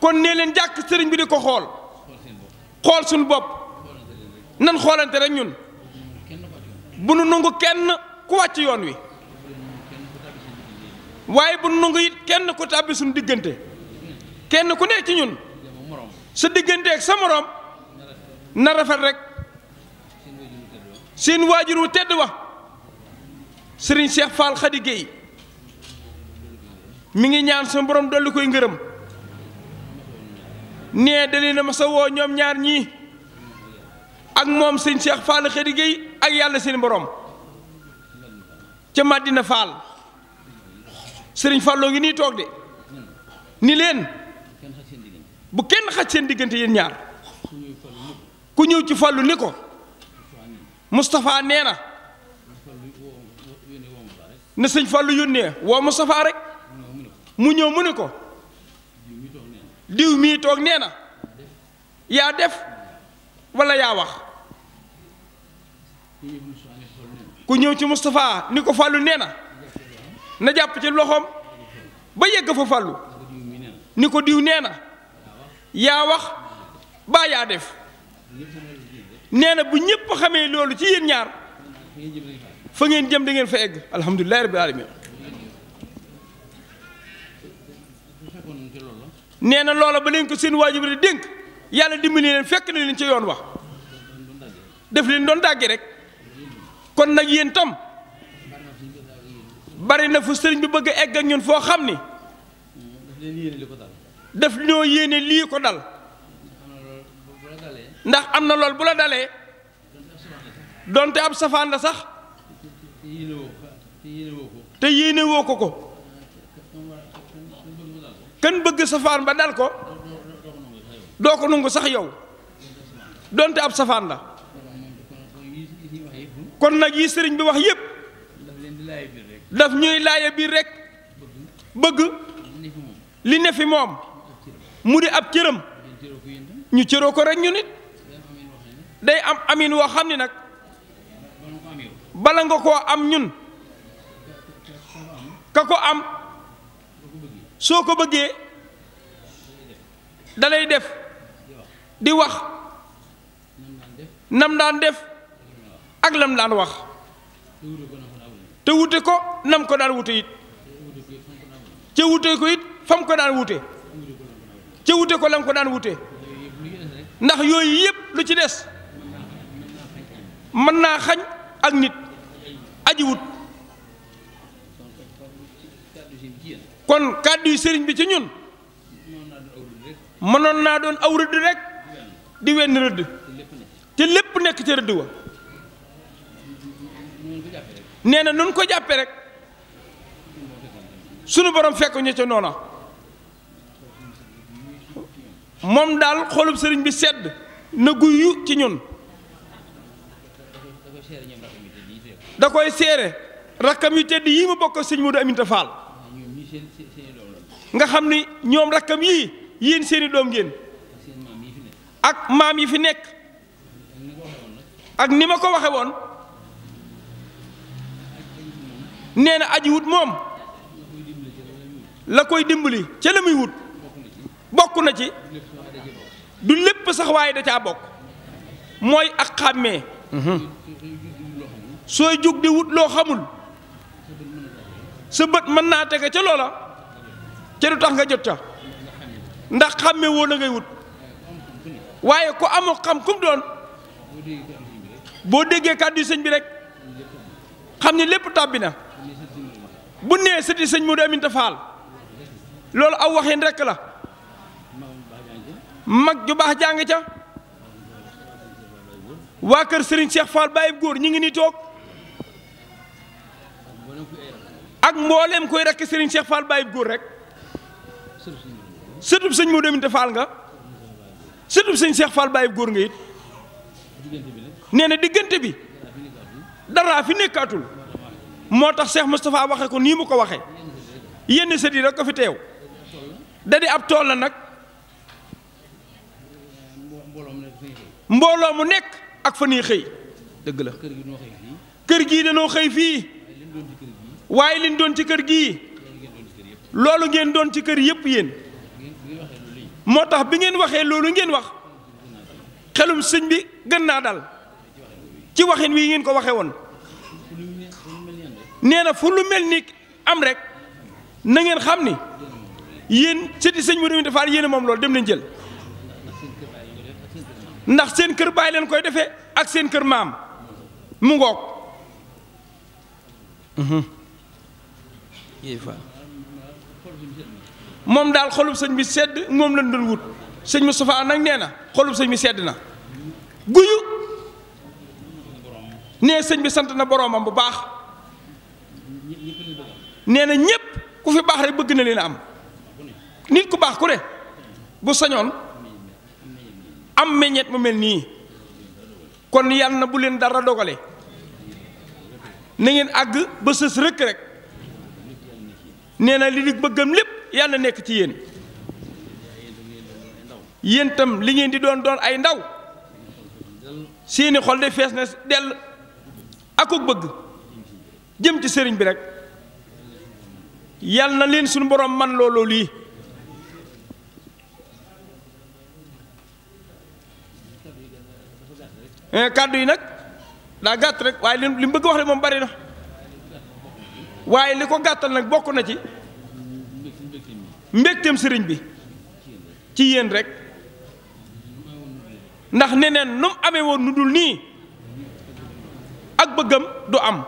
kon nee leen jàkk sëriñ bi di ko xool xool suñu bopp nan xoolante rek ñun bu nu nangu kenn ku wàcc yoon wi waaye bu nu nangu it kenn ku tàbbi suñ diggante kenn ku nekk ci ñun sa diggante ak sa moroom na rafet rek seen waajur tedd wax serigne Cheikh Fall khadige Gueye mi ngi ñaan sa borom dolli koy ngeureum ne dalina ma sa wo ñom ñaar ñi ak mom serigne Cheikh Fall khadige Gueye ak yalla seen borom ci Madina Fall serigne fallo ngi ni tok de ni len bu kenn xat seen yeen ñaar ku ñew ci fallu mustafaa nee na ne sëñ Fallou yónnee woo Moustapha rek mu ñëw mu ne ko diw mii toog nee na yaa def walla yaa wax ku ñëw ci Moustapha ni ko Fallou nee na na jàpp ci loxoom ba yegg fa Fallou ni ko diw nee na yaa wax baa yaa def nee na bu ñëpp xamee loolu ci yéen ñaar fa ngeen jëm dangeen fa egg alhamdulilah rabbil alamin nee na loola ba leen ko seen waajur di dénk yàlla dimbali leen fekk na leen ci yoon wax def leen doon dàggi rek kon nag yéen tam bari na fu sëriñ bi bëgg a egg ak ñun foo xam ni daf ñoo yéene lii ko dal ndax am na lool bu la dalee donte ab safaan la sax te yéene ko ko kan bëgg safaan ba dal ko doo ko nungu sax yow donte ab safaan la kon nag yi sëriñ bi wax yépp daf ñuy laaye biir rek bëgg li ne fi moom mu di ab cëram ñu cëroo ko rek ñu nit day am amin woo xam ni nag bala nga koo am ñun ka ko am soo ko bëggee dalay def di wax nam daan def ak lam daan wax te wute ko nam ko daan wute it ca wute ko it fam ko daan wute ca wute ko lam ko daan wute ndax yooyu yépp lu ci des mën naa xañ ak nit ajiwut kon kàddu yu sëriñ bi ci ñun mënoon naa doon aw rëdd rek di wenn rëdd te lépp nekk ci rëdd wa nee na nun ko jàppe rek sunu borom fekk ñu ca noona moom daal xolub sëriñ bi sedd na guyu ci ñun da koy seere rakkam yu tedd yii mu bokk sëñ Modou Aminta Fall nga xam ni ñoom rakkam yii yéen seeni doom ngeen ak maam yi fi nekk ak ni ma ko waxe woon nee na aji wut moom la koy dimbali ca la muy wut bokk na ci du lépp sax waaye da caa bokk mooy ak xàmmee mhm. sooy jóg di wut loo xamul sa bët mën naa tege ca loola ca du tax nga jot ca ndax xàmme woo la ngay wut waaye ko amoo xam kum doon boo déggee kàddu sëñ bi rek xam ne lépp tàbbi na bu nee sëti sëñ Modou Aminta Fall loolu aw waxin rek la mag ju baax jàng ca waa kër Serigne Cheikh Fall bàyyi góor ñi ngi ni toog ak mbooleem koy rekk Serigne Cheikh Fall Baye góor rek sëtub sëñ mu deminte Fall nga sëtub sëñ Cheikh Fall Baye góor nga it nee na diggante bi daraa fi nekkaatul moo tax Cheikh Moustapha waxe ko nii mu ko waxe yenn sët yi rek ko fi teew da di ab tool la nag mbooloo mu nekk ak fa nuy xëy dëgg la kër gii danoo xëy fii waye liñ doon ci kër gi lolu ngeen doon ci kër yépp yeen motax bi ngeen waxé lolu ngeen wax xelum señ bi gëna dal ci waxin wi ngeen ko waxé won nee fu lu mel ni am rek na ngeen xam ni ci sëti señ mu demee yeen mom lolu dem nañ jël ndax seen kër bay leen koy defee ak seen kër maam mu yéefa moom daal xolub sëñ bi sedd moom lañ doon wut sëñ Moustapha nag nee na xolub sëñ bi sedd na guyu nee sëñ bi sant na boroomam bu baax nee na ñépp ku fi baax rek bëgg na leen am nit ku baax ku ne bu sañoon am meññeet mu mel nii kon yàlla na bu leen dara dogale na ngeen àgg ba sës rëkk rek nee na li di bëggam lépp yàlla nekk ci yéen yéen itam li ngeen di doon doon ay ndaw seeni xol de fees na dell akuk bëgg jëm ci sëriñ bi rek yàlla na leen suñu borom man looloo lii eh, kàddu yi nag daa gàtt rek waaye li mu bëgg wax de moom bari na waaye li ko gàttal nag bokk na ci mbégteem sëriñ bi ci yéen rek ndax neneen nu mu amee woon nu dul nii ak bëggam du am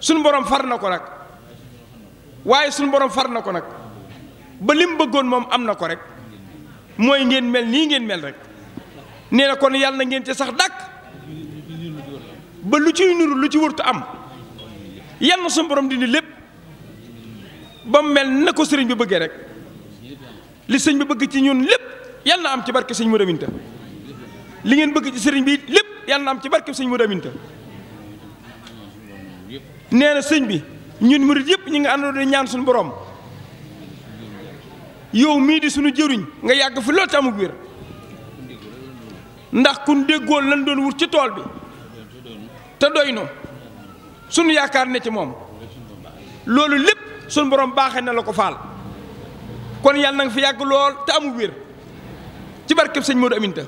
suñu borom far na ko nag waaye suñ borom far na ko nag ba li mu bëggoon moom am na ko rek mooy ngeen mel nii ngeen mel rek nee na kon yàlla na ngeen ci sax dàkk ba lu ciy nuru lu ci wërtu am yan na suñu borom dindi lépp ba mel na ko sëriñ bi bëggee rek li sëñ bi bëgg ci ñun lépp yal na am ci barke sëñ Modou Aminta li ngeen bëgg ci sëriñ bi lépp yal am ci barke sëñ Modou Aminta nee na sëñ bi ñun murit yépp ñu ngi àndoon ñaan suñu borom yow mii di suñu jëriñ nga yàgg fi lool te amug wér ndax kun déggoon lan doon wut ci tool bi te doy noo sunu yaakaar ne ci moom loolu lépp suñ borom baaxee na la ko faal kon yàlla na nga fi yàgg lool te amu wér ci barkeb sëñ Modou Aminta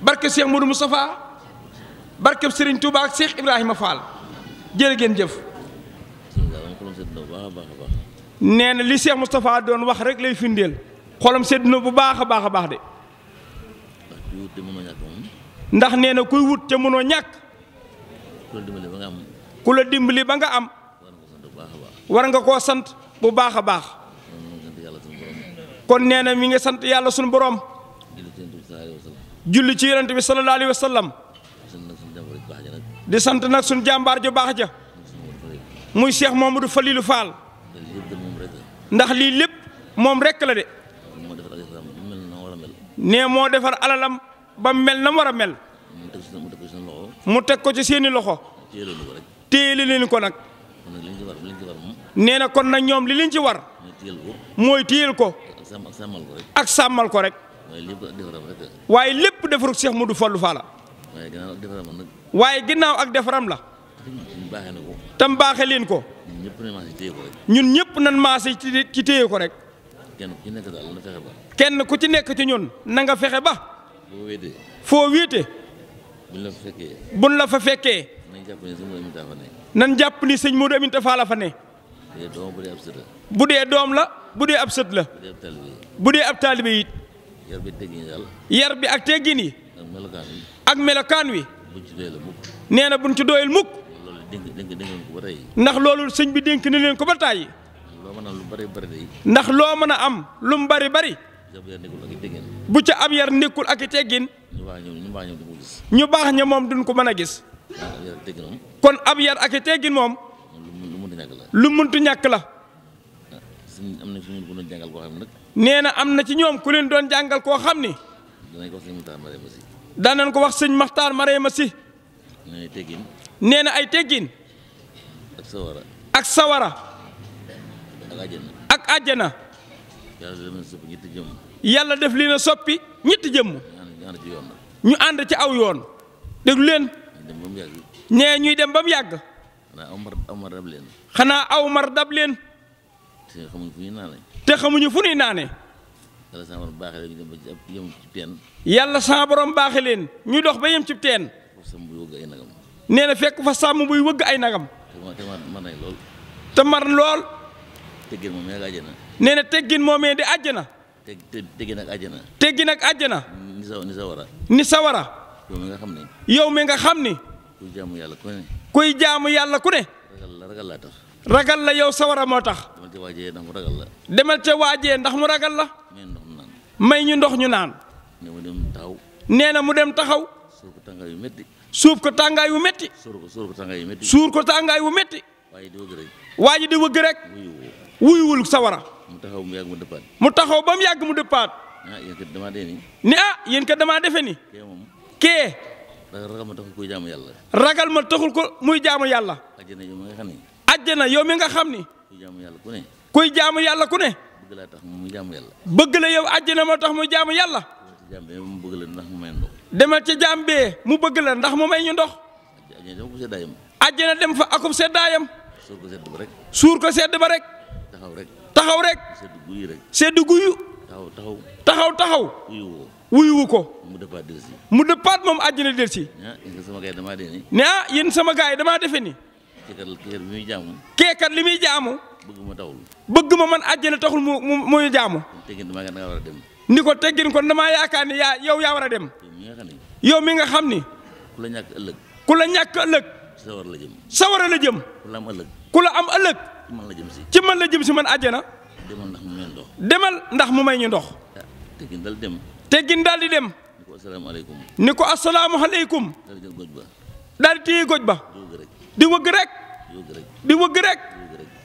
barkeb Cheikh Modou Moustapha barkeb Serigne Touba ak Cheikh Ibrahima Fall jërë ngeen jëf. nee na li seex Moustapha doon wax rek lay findeel xolam sedd na bu baax a baax a baax de. ndax nee na kuy wut te mënoo ñàkk. ku la ku la dimbali ba nga am war nga koo sant bu baax a baax kon nee na mi ngi sant yàlla suñu borom julli ci yonent bi sallallahu alayhi wa sant nag sunu jàmbaar ju baax ja muy Cheikh Mamadou Falilou Fall ndax lii lépp moom rekk la de nee moo defar alalam ba mel na mu war a mel mu teg ko ci seeni loxo téyele leen ko nag nee na kon nag ñoom li leen ci war mooy téyel ko ak sàmmal ko rek waaye lépp defarug Seex Mudu Fallu Faala waaye ginnaaw ak defaram la tam baaxe leen ko ñun ñëpp nan maase ci téye ko rek kenn ku ci nekk ci ñun nanga fexe ba foo wéete buñ la fa fekkee nan japp ni seigne Modou Aminta tafa la fa ne. budé dom la budé dee ab sët la. budé ab talibé yit yar bi ak teggin ak melokaan wi. neena buñ ci doyel mukk. ndax lolou seigne bi denk na len ko ba ndax lo meuna am lu bari bari. bu nikul ab yar nekul ak i teggin. ñu mom duñ ko meuna gis. kon ab yar ak i teggin moom. lu mëntu ñàkk la. lu mëntu ñàkk la. am na ci ñoom ku leen nee na am na ci ñoom ku leen doon jàngal koo xam ni. danañ ko wax sëñ ko wax sëñ Maxtaar Marème si. nee na ay teggin. nee na ak sawara. ak àjjana. yàlla def li na soppi ñetti jëmm. ñu ànd ci aw yoon déglu leen. nee ñuy dem ba mu yàgg. xanaa aw mar dab leen. xanaa aw mar dab leen. te xamuñu fu ñuy naane. te xamuñu fu ñuy naane. yàlla sama borom baaxee leen ñu dem ba yem ci teen. yàlla sama borom baaxee leen ñu dox ba yem ci teen. nee na fekk fa sàmm buy wëgg ay nagam. te mar lool. te mar lool. teggin moomee ak àjjana. nee na teggin moomee di àjjana. te teggin ak àjjana. teggin ak àjjana. ni sa ni ni sa yow mi nga xam ni. yow mi nga xam ni. kuy jaamu yàlla ku ne. kuy jaamu yàlla ku ne. ragal la ragal laa tax. ragal la yow sawara moo tax. demal ca waajee ndax mu ragal la. demal ca waajee ndax mu ragal la. may ndox may ñu ndox ñu naan. nee mu dem taxaw. nee na mu dem taxaw. suur ko yu métti. suuf ko tàngaay wu metti suur ko suur tàngaay yu métti. suur ko tàngaay wu métti. waaye di wëgg rek. waaye di wëgg rek. wuyuwul sawara. mu taxaw mu yàgg mu dëppaat. mu taxaw ba mu yàgg mu dëppaat. ah ni ah yéen kat damaa defe nii. kee. ragal ma taxul kuy jaamu yàlla. ragal ma taxul ko muy jaamu yàlla. àjjana yow mi nga xam ni. àjjana yow mi nga xam ni. kuy jaamu yàlla ku ne. kuy jaamu yàlla ku ne. bëgg laa tax muy jaamu yàlla. bëgg la yow na ma tax muy jaamu yàlla. demal ca jaam bee mu bëgg la ndax mu may ñu ndox. àjjana dem fa akub seddaayam. suur ko sedd ba rek. suur ko sedd ba rek. taxaw rek. taxaw rek. sedd guyu rek. sedd guyu. taxaw taxaw. taxaw wuyuwu ko. mu dëppaat delsi mu dëppaat moom àjjana delsi. ne ah yéen sama gars yi damaa defe ni. keekat li muy jaamu. bëgg ma taxul. bëgg ma man àjjana taxul mu mu mu jaamu. ni ko teggin kon damaa yaakaar ni yaa yow yaa war a dem. yow mi nga xam ni. la ñàkk ëllëg. ku la ñàkk ëllëg. la jëm. sawara la jëm. la am ku la am ëllëg. ci man la man la jëm si man àjjana. demal ndax mu may ndox. demal ndax mu may ñu ndox. Ah, teggin dal dem. teggin daal di dem. ni ko asalaamaaleykum. ni ko asalaamaaleykum. daal di goj ba. daal di téye goj ba. di wëgg rek. di wëgg rek.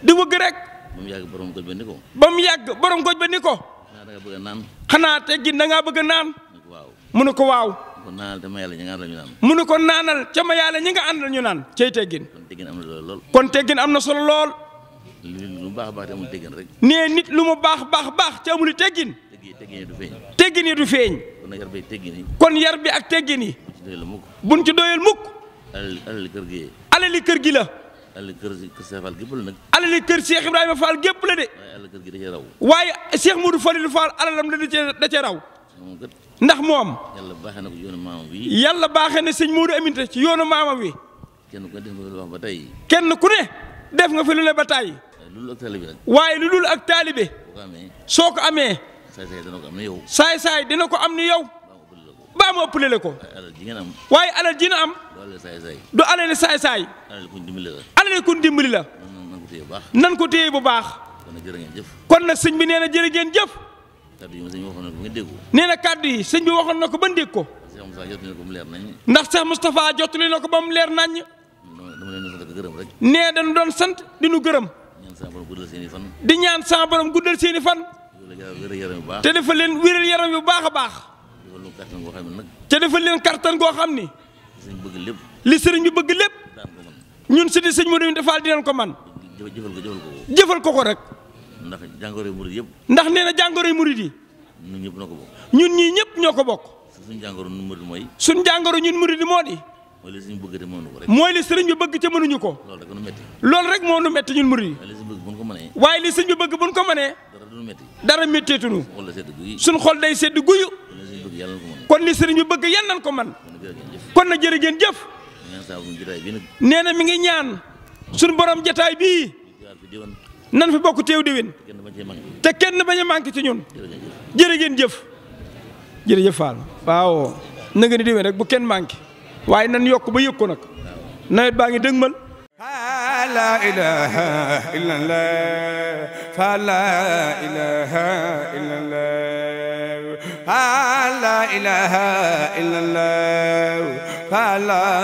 di wëgg rek. ba mu yàgg borom goj ba ni ko. ba mu yàgg borom goj ba ni ko. xanaa da ngaa bëgg a naan. xanaa teggin da ngaa bëgg a naan. mu ne ko waaw. mu ne ko naanal ca ma yàlla ñi nga àndal ñu naan cay teggin. kon teggin am na solo lool. nee nit lu mu baax baax baax ca amul teggin. teggin yi du feeñ. kon yar bi ak teggin yi. buñ ci doyal mukk. alali kër gi. alali kër gi la. alali kër Cheikh Fall gépp la nag. kër seex Ibrahima Fall gépp la de. waaye alali kër gi da cee raw. waaye Cheikh Modou Falilou Fall la da cee da cee raw. ndax moom. yàlla baaxee na ko yoonu maama wi. yàlla baaxee na sëñ Modou Aminta ci yoona maama wi. kenn ku ne def nga fi lu wax ba tey. kenn ku ne def nga fi lu ba tey. waaye lu dul lu dul ak taalibe. soo ko amee. saay-saay dina ko am ni yow. saay ko am ni yow. baa ma ëppale la ko. waaye alal ji na am. du alal saay-saay. alal kuñ dimbali la. alal kuñ dimbali la. nan ko téye bu baax. kon nag sëñ bi nee na jërë ngeen jëf. nee na kàddu yi sëñ bi waxoon na ko ba ndég ko. ndax Cheikh Moustapha jottali na ko ba mu leer naññ. nee dañu doon sant di nu gërëm. di ñaan sa borom guddal seeni fan. te dafa leen wéral yaram yu baax a baax. te dafa leen kartan koo xam ni. li sëriñ bi bëgg lépp. ñun si sëriñ sëñ Modou Fall dinañ ko man jëfal ko ko rek. ndax jàngoroy murid yëpp. ndax nee na jàngoroy murid yi. ñun ñëpp ñoo ko ñun ñii ñëpp ñoo ko bokk. suñu jàngoro ñun murid mooy. suñu jàngoro ñun murid moo di. mooy li sëriñ bëgg te mënuñu ko rek. mooy li bi bëgg te mënuñu ko. loolu rek moo nu metti. loolu rek moo nu metti ñun murid yi. waaye li sëriñ bëgg bu ñu ko mënee. waaye li sëriñ bi bëgg bu ñu ko mënee. dara du nu metti. dara xol day sedd guyu. kon li sëriñ bi bëgg yal nañ ko man kon na jërë ngeen jëf. nee na mi ngi ñaan suñu borom jataay bii. nan fi bokk teew déwén. te kenn bañ a manqué ci ñun. jërë ngeen jëf jërëjëf Fall waaw na nga ni rek bu kenn manqué waye nan yok ba yëg nak nawet baangi deugmal la ilaha allah fa la ilaha illa allah la ilaha allah fa la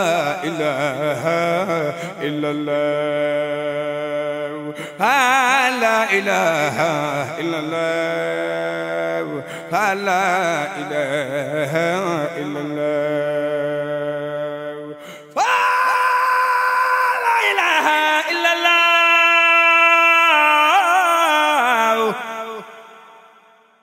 ilaha illa allah la ilaha illa fa la ilaha illa allah